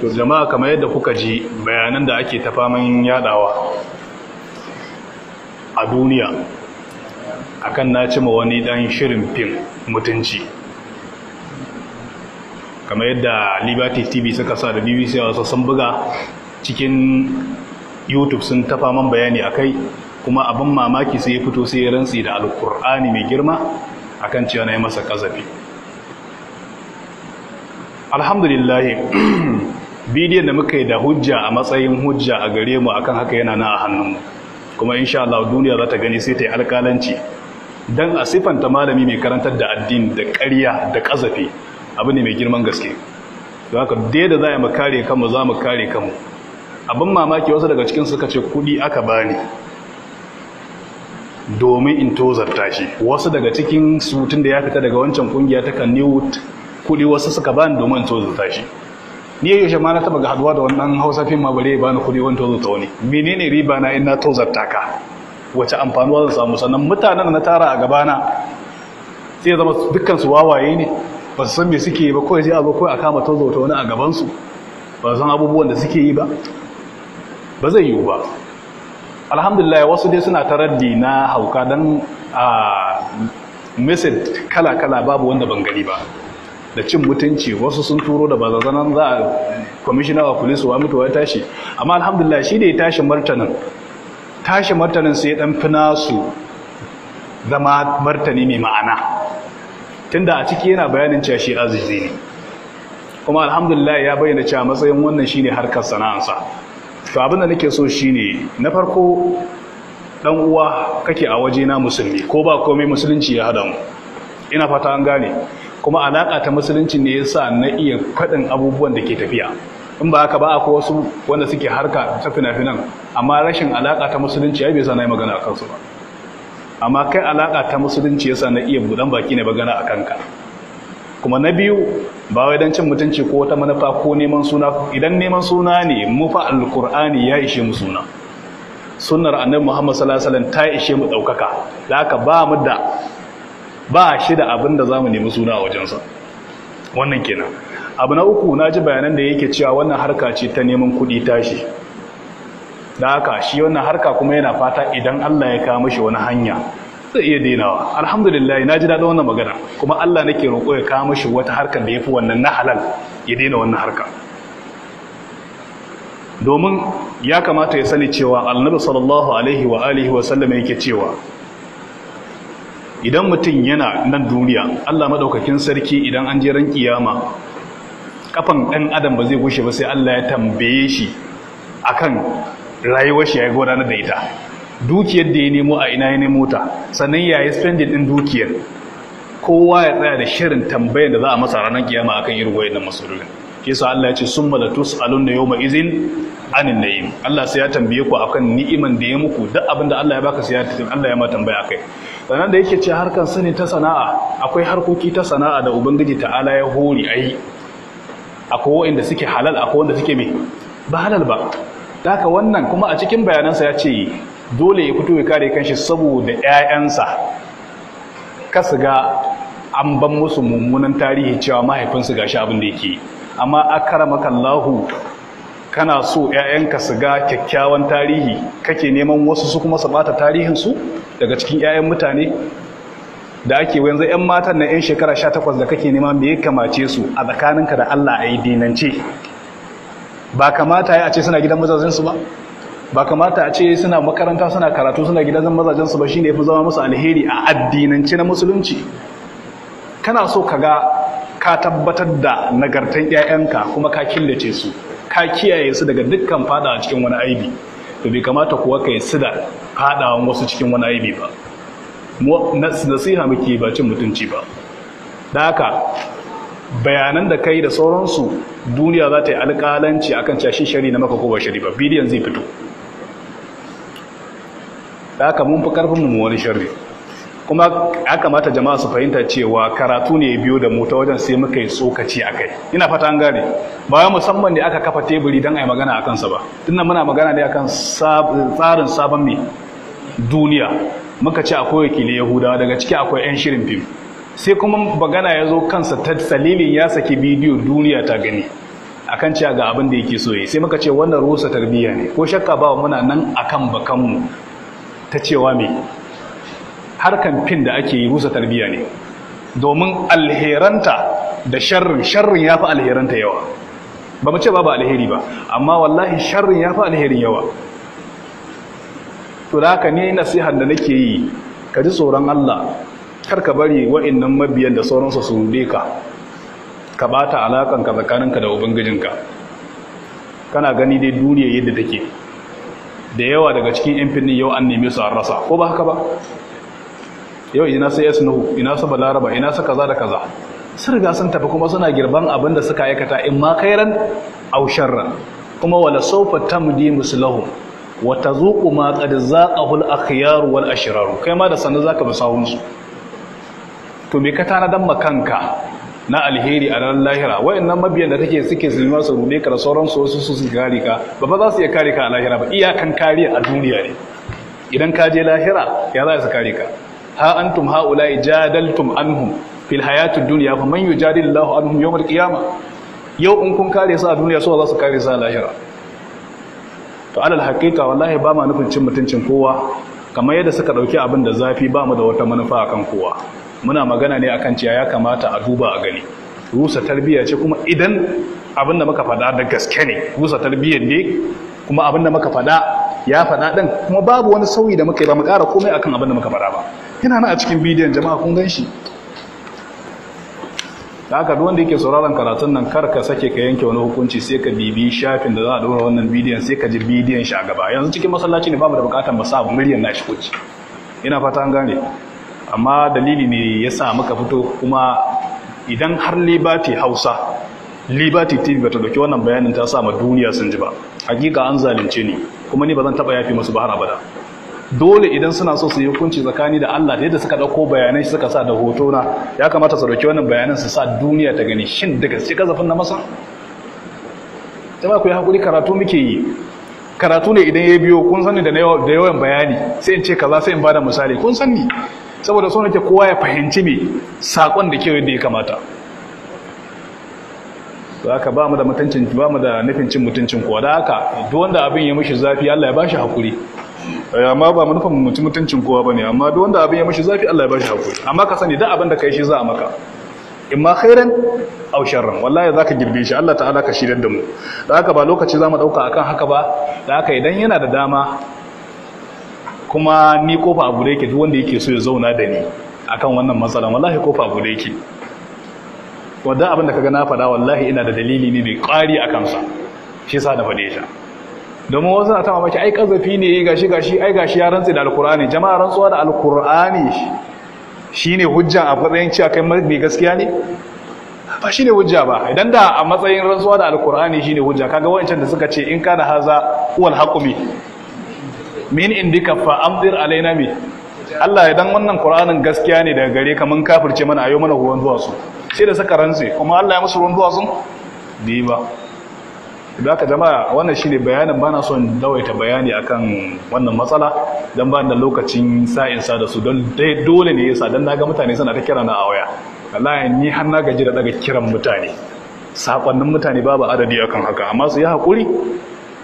to jama'a kamar yadda kuka ji bayanan da ake tafamin yaɗawa yadawa a duniya akan na cima wani dan shirin fim mutunci kamar yadda liberty tv suka sa da bbc wasu sun buga cikin youtube sun ta faman bayani a kai kuma abin mamaki sai ya fito sai ya rantsi da alkur'ani mai girma akan cewa na yi masa kazafi alhamdulillah bidiyon da muka yi da hujja a matsayin hujja a gare mu akan haka yana na a hannunmu kuma insha Allah duniya za ta gani sai ta yi alƙalanci dan a malami mai karantar da addini da ƙarya da ƙazafi abu ne mai girman gaske don haka dai da za mu kare kanmu za mu kare kanmu abin mamaki wasu daga cikin suka ce kuɗi aka bani domin in tozarta shi wasu daga cikin su da ya fita daga wancan kungiya ta kan new kuɗi wasu suka bani domin in tozarta shi ni yaushe ma na taba ga haduwa da wannan hausa fim ma bare ba ni kuɗi wani tozo ta wani menene riba na in na tozarta ka wace amfanuwa zan samu sannan mutanen na tara a gabana sai ya zama dukkan su wawaye ne ba su san me suke yi ba kawai sai a zo kawai a kama tozo ta wani a gabansu ba su san abubuwan da suke yi ba ba zai yiwu ba alhamdulillah wasu dai suna taraddi na hauka don a ah, message kala-kala babu wanda ban gani ba da cin mutunci wasu sun turo da bazazanan za a kwamishina wa police wa mutuwa tashi amma alhamdulillah shi da ya tashi martanin tashi martanin sai dan fina su zama martani mai ma'ana tunda a ciki yana bayanin cewa shi azizi ne kuma alhamdulillah ya bayyana cewa matsayin wannan shine harkar sa. to abin da nake so shine na farko dan uwa kake a waje na musulmi ko ba komai musulunci ya hada mu ina fata an gane kuma alaƙa ta musulunci ne yasa na iya faɗin abubuwan da ke tafiya in ba haka ba a wasu wanda suke harka ta fina-finan amma rashin alaƙa ta musulunci ya bai sa na yi magana a kansu ba amma kai alaƙa ta musulunci yasa na iya buɗan baki ne magana a kanka kuma na biyu ba wai don cin mutunci ko wata manufa ko neman suna idan neman suna ne mufa alkur'ani ya ishe mu suna sunnar annabi muhammad sallallahu alaihi wasallam ta ishe mu ɗaukaka da haka ba mu da ba shi da abin da za mu nemi suna a wajensa wannan kenan abu na uku na ji bayanan da yake cewa wannan harka ce ta neman kuɗi tashi da haka shi wannan harka kuma yana fata idan Allah ya kawo wani hanya zai iya dainawa alhamdulillah na ji daɗin wannan magana kuma Allah nake roƙo ya kawo mishi wata harkar da ya fi wannan na halal ya daina wannan harka domin ya kamata ya sani cewa annabi sallallahu alaihi wa alihi wa sallam yake cewa idan mutum yana nan duniya Allah madaukakin sarki idan an je ran kiyama kafan dan adam ba zai gushe ba sai Allah ya tambaye shi akan rayuwar shi ya na da ita dukiyar da ya nemo a ina ya nemo ta sannan ya yi spending din dukiyar kowa ya tsaya da shirin tambayar da za a masa ranar kiyama akan irin wayannan masalolin kisa Allah ya ce summa la tus'aluna yau izin anin na yi. Allah sai ya tambaye ku akan ni'iman da ya muku duk abin da Allah ya baka sai ya Allah ya ma tambaya akai sannan da yake ce harkan sani ta sana'a akwai harkoki ta sana'a da ubangiji ta'ala ya hori a A akwai wanda suke halal akwai wanda suke mai ba halal ba haka wannan kuma a cikin bayanansa ya ce dole ya fito ya kare kanshi saboda ƴaƴansa su ga an ban musu mummunan tarihi cewa mahaifinsu ga shi abin da yake yi amma akramaka Allahu kana so ‘ya'yanka su ga kyakkyawan tarihi kake neman wasu su kuma su bata tarihinsu daga cikin ‘ya'yan mutane da ake yanzu ‘yan matan na ‘yan shekara sha takwas da kake nema me ya kamace su a tsakaninka da Allah a yi dinance ba kamata ya a ce suna gidan mazajensu ba ba kamata a ce suna makaranta suna karatu suna gidan mazajensu ba shine ya fi zama musu alheri a addinance na musulunci kana so ka ga ka tabbatar da nagartan 'ya'yanka kuma ka killace su ka kiyaye su daga dukkan fada cikin wani aibi to bai kamata kuwa ka yi su da fadawan wasu cikin wani aibi ba nasiha muke ba cin mutunci ba da haka bayanan da kai da sauransu duniya za ta yi alƙalanci akan cashe shari na maka ko shari ba bidiyon zai fito da haka mun fi ƙarfin mu wani shari kuma ya kamata jama'a su fahimta cewa karatu ne biyo da mu wajen sai muka yi tsokaci a kai ina fata an gane ba musamman ne aka kafa teburi don a yi magana a kansa ba tunda muna magana ne akan tsarin sabon mai duniya muka ce akwai wakilin yahudawa daga ciki akwai 'yan shirin fim sai kuma magana ya zo kansa ta salilin ya saki bidiyo duniya ta gani akan cewa ga abin da yake so yi sai muka ce wannan rusa tarbiyya ne ko shakka ba muna nan akan bakanmu ta cewa me harkan fin da ake yi rusa tarbiyya ne domin alheranta da sharrin sharrin ya fi alheranta yawa ba mu ce ba alheri ba amma wallahi sharrin ya fi alherin yawa to da haka ne nasihar da nake yi ka ji tsoron Allah kar ka bari wa'annan mabiyan da sauransu su rude ka ka bata alakan ka tsakaninka da ubangijinka kana gani dai duniya yadda take da yawa daga cikin yan finnin yau an neme su an rasa ko ba haka ba yau ina sai yasnuhu ina su balaraba ina su kaza da kaza sun riga sun tafi kuma suna girban abin da suka aikata in ma kairan aw sharran kuma wala sawfa tamdi muslahu wa tazuqu ma qad zaqahu al akhyar wal ashrar kai ma da sanin zaka bi su to me ka tana dan makanka na alheri a ranar lahira wayannan mabiyan da kake suke zulma su rume ka da sauransu wasu su su kare ka ba ba za su iya kare ka a lahira ba iyakan kariya a duniya ne idan ka je lahira ya za su kare ka ha antum haula'i jadaltum anhum fil hayatid dunya fa man yujadilillahu anhum yawmal qiyamah yau in kun kare su a duniya su za su kare su a lahira to alal haqiqa wallahi ba ma nufin cin mutuncin kowa kamar yadda suka dauki abin da zafi ba mu da wata manufa akan kowa muna magana ne akan cewa ya kamata a duba a gani rusa tarbiyya ce kuma idan abin da muka faɗa da gaske ne rusa tarbiyya ne kuma abin da muka faɗa ya faɗa ɗin kuma babu wani sauyi da muka yi ba mu ƙara komai akan abin da muka faɗa ba yana na a cikin bidiyon jama'a kun gan shi da aka duk wanda yake sauraron karatun nan kar ka sake ka yanke wani hukunci sai ka bibi shafin da za a dora wannan bidiyon sai ka ji bidiyon shi gaba yanzu cikin masallaci ne babu da bukatar ba abu miliyan na shi kuci ina fata an gane amma dalili ne ya sa muka fito kuma idan har liberty hausa liberty tv ba ta dauki wannan bayanin ta sa ma duniya sun ji ba hakika an zalunce ni kuma ni ba zan taba yafi masu bahar abada dole idan suna so su yi hukunci tsakani da Allah da yadda suka dauko bayanai suka sa da hoto na ya kamata su dauki wannan bayanan su sa duniya ta gani shin da gaske kazafin na masa jama'a ku yi hakuri karatu muke yi karatu ne idan ya biyo kun sani da yawan bayani sai in ce kaza sai in bada misali kun sani saboda so nake kowa ya fahimci me sakon da ke yadda ya kamata to haka ba mu da mutuncin ba mu da nufin cin mutuncin kowa da haka duk wanda abin ya mushi zafi Allah ya bashi hakuri Eh, amma ba manufan mutum mutuncin kowa bane amma duk wanda abin ya mishi zafi Allah ya bashi hakuri amma ka sani da abin da kai shi za a maka imma khairan aw sharran wallahi zaka girbe shi Allah ta'ala ka shirar da mu da haka ba lokaci zamu dauka akan haka ba da haka idan yana da dama kuma ni kofa abu da yake duk wanda yake so ya zauna da ni akan wannan matsalan wallahi kofa abu da yake wanda abin da kaga na faɗa wallahi ina da dalili ne mai ƙari akan sa shi yasa na faɗe shi domin wasu na tama maki ai kazafi ne gashi gashi ai gashi ya rantsi da alkur'ani jama'a rantsuwa da alkur'ani shine hujja a matsayin cewa kai mai gaskiya ne ba shine hujja ba idan da a matsayin rantsuwa da alkur'ani shine hujja kaga wancan da suka ce in kana haza wal haqumi min indika fa amdir alaina mi Allah idan wannan Qur'anin gaskiya ne daga gare ka mun kafirce mana ayo mana ruwan duwatsu sai da suka rantsi kuma Allah ya musu ruwan duwatsun ne ba da aka jama'a wannan shi ne bayanin ba na son dawaita bayani akan wannan matsala don ba da lokacin sa'in sa da su don dole ne yasa don naga mutane suna ta kira na a waya wallahi ni har na gaji da daga kiran mutane sakonnin mutane babu adadi akan haka amma su yi hakuri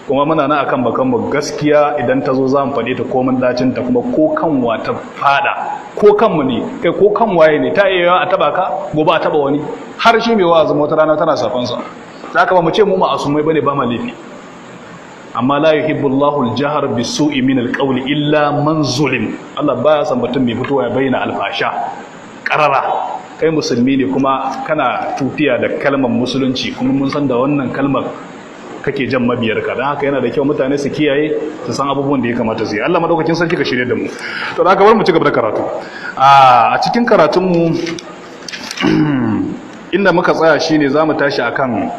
kuma muna na akan bakan mu gaskiya idan ta zo za mu faɗe ta komin dacin ta kuma ko kanwa ta fada ko kanmu ne kai ko kan waye ne ta iya a taba ka gobe a taba wani har shi mai wa'azin wata rana tana safansa saka ba mu ce mu ma'asumai bane ba ma amma la yuhibbullahu jihar jahr bisu'i min al illa man zulim Allah baya san mutum mai fitowa ya bayyana alfasha karara kai musulmi ne kuma kana tufiya da kalmar musulunci kuma mun san da wannan kalmar kake jan mabiyarka Dan haka yana da kyau mutane su kiyaye su san abubuwan da ya kamata su yi Allah madaukakin sarki ka shirye da mu to da haka bar mu ci gaba da karatu a cikin karatun mu inda muka tsaya shine zamu tashi akan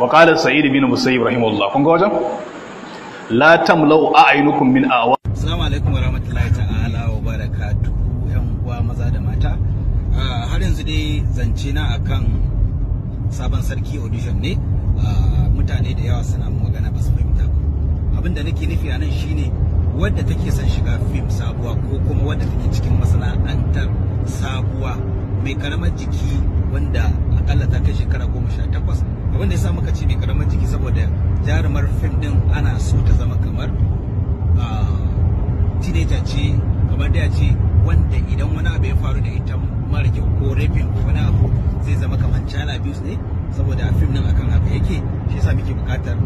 wa qala sa'id bin Ibrahim allah kun ga wajen la tamlau ainihin min awa assalamu alaikum rahmatullahi ta'ala wa barakatu yan uwa maza da mata ah, har yanzu dai zance na a kan sabon sarki audition ne ah, mutane da yawa suna magana ba su fahimta abin da nake nufi a nan shine wadda take son shiga fim sabuwa ko kuma wadda take cikin masana'antar sabuwa mai karamar jiki wanda wanda da yasa muka ce mai karamin jiki saboda jarumar fim din ana so ta zama kamar teenager ce kamar da ce wanda idan wani abu ya faru da ita mara kyau ko rafin ko wani abu zai zama kamar child abuse ne saboda a fim din akan haka yake shi yasa muke bukatar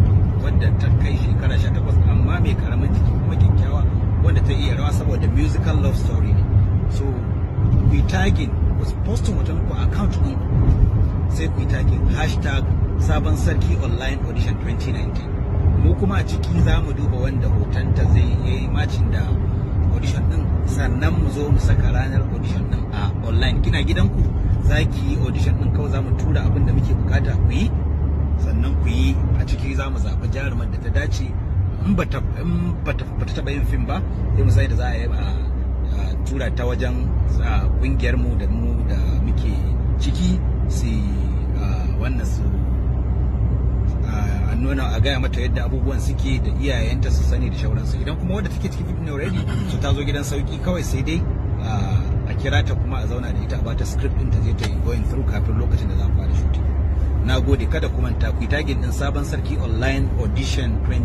wanda ta kai shekara takwas amma mai karamin jiki kuma kyakkyawa wanda ta iya rawa saboda musical love story ne so we tagging was posting wata ko account ɗin sai ku yi takin hashtag sabon sarki online audition 2019 mu kuma a ciki za mu duba wanda hoton ta zai yi macin da audition din sannan mu zo mu saka ranar audition din a online kina gidanku za ki yi audition din kawai za mu tura abin da muke bukata ku yi sannan ku yi a ciki za mu zaɓi jarumar da ta dace in ba ta taɓa yin fim ba sai mu sai da za a yi a tura ta wajen kungiyar mu da mu da muke ciki su wannan su ah, a nuna a gaya mata yadda abubuwan suke da iyayenta su sani da shauransu idan kuma wadda take cikin fitna already su ta zo gidan sauki kawai sai dai ah, a kira ta kuma a zauna da ita a bata script din ta je ta yi going through kafin lokacin da za ku fara shooting na gode kada kuma ta ku tagin din sabon sarki online audition 20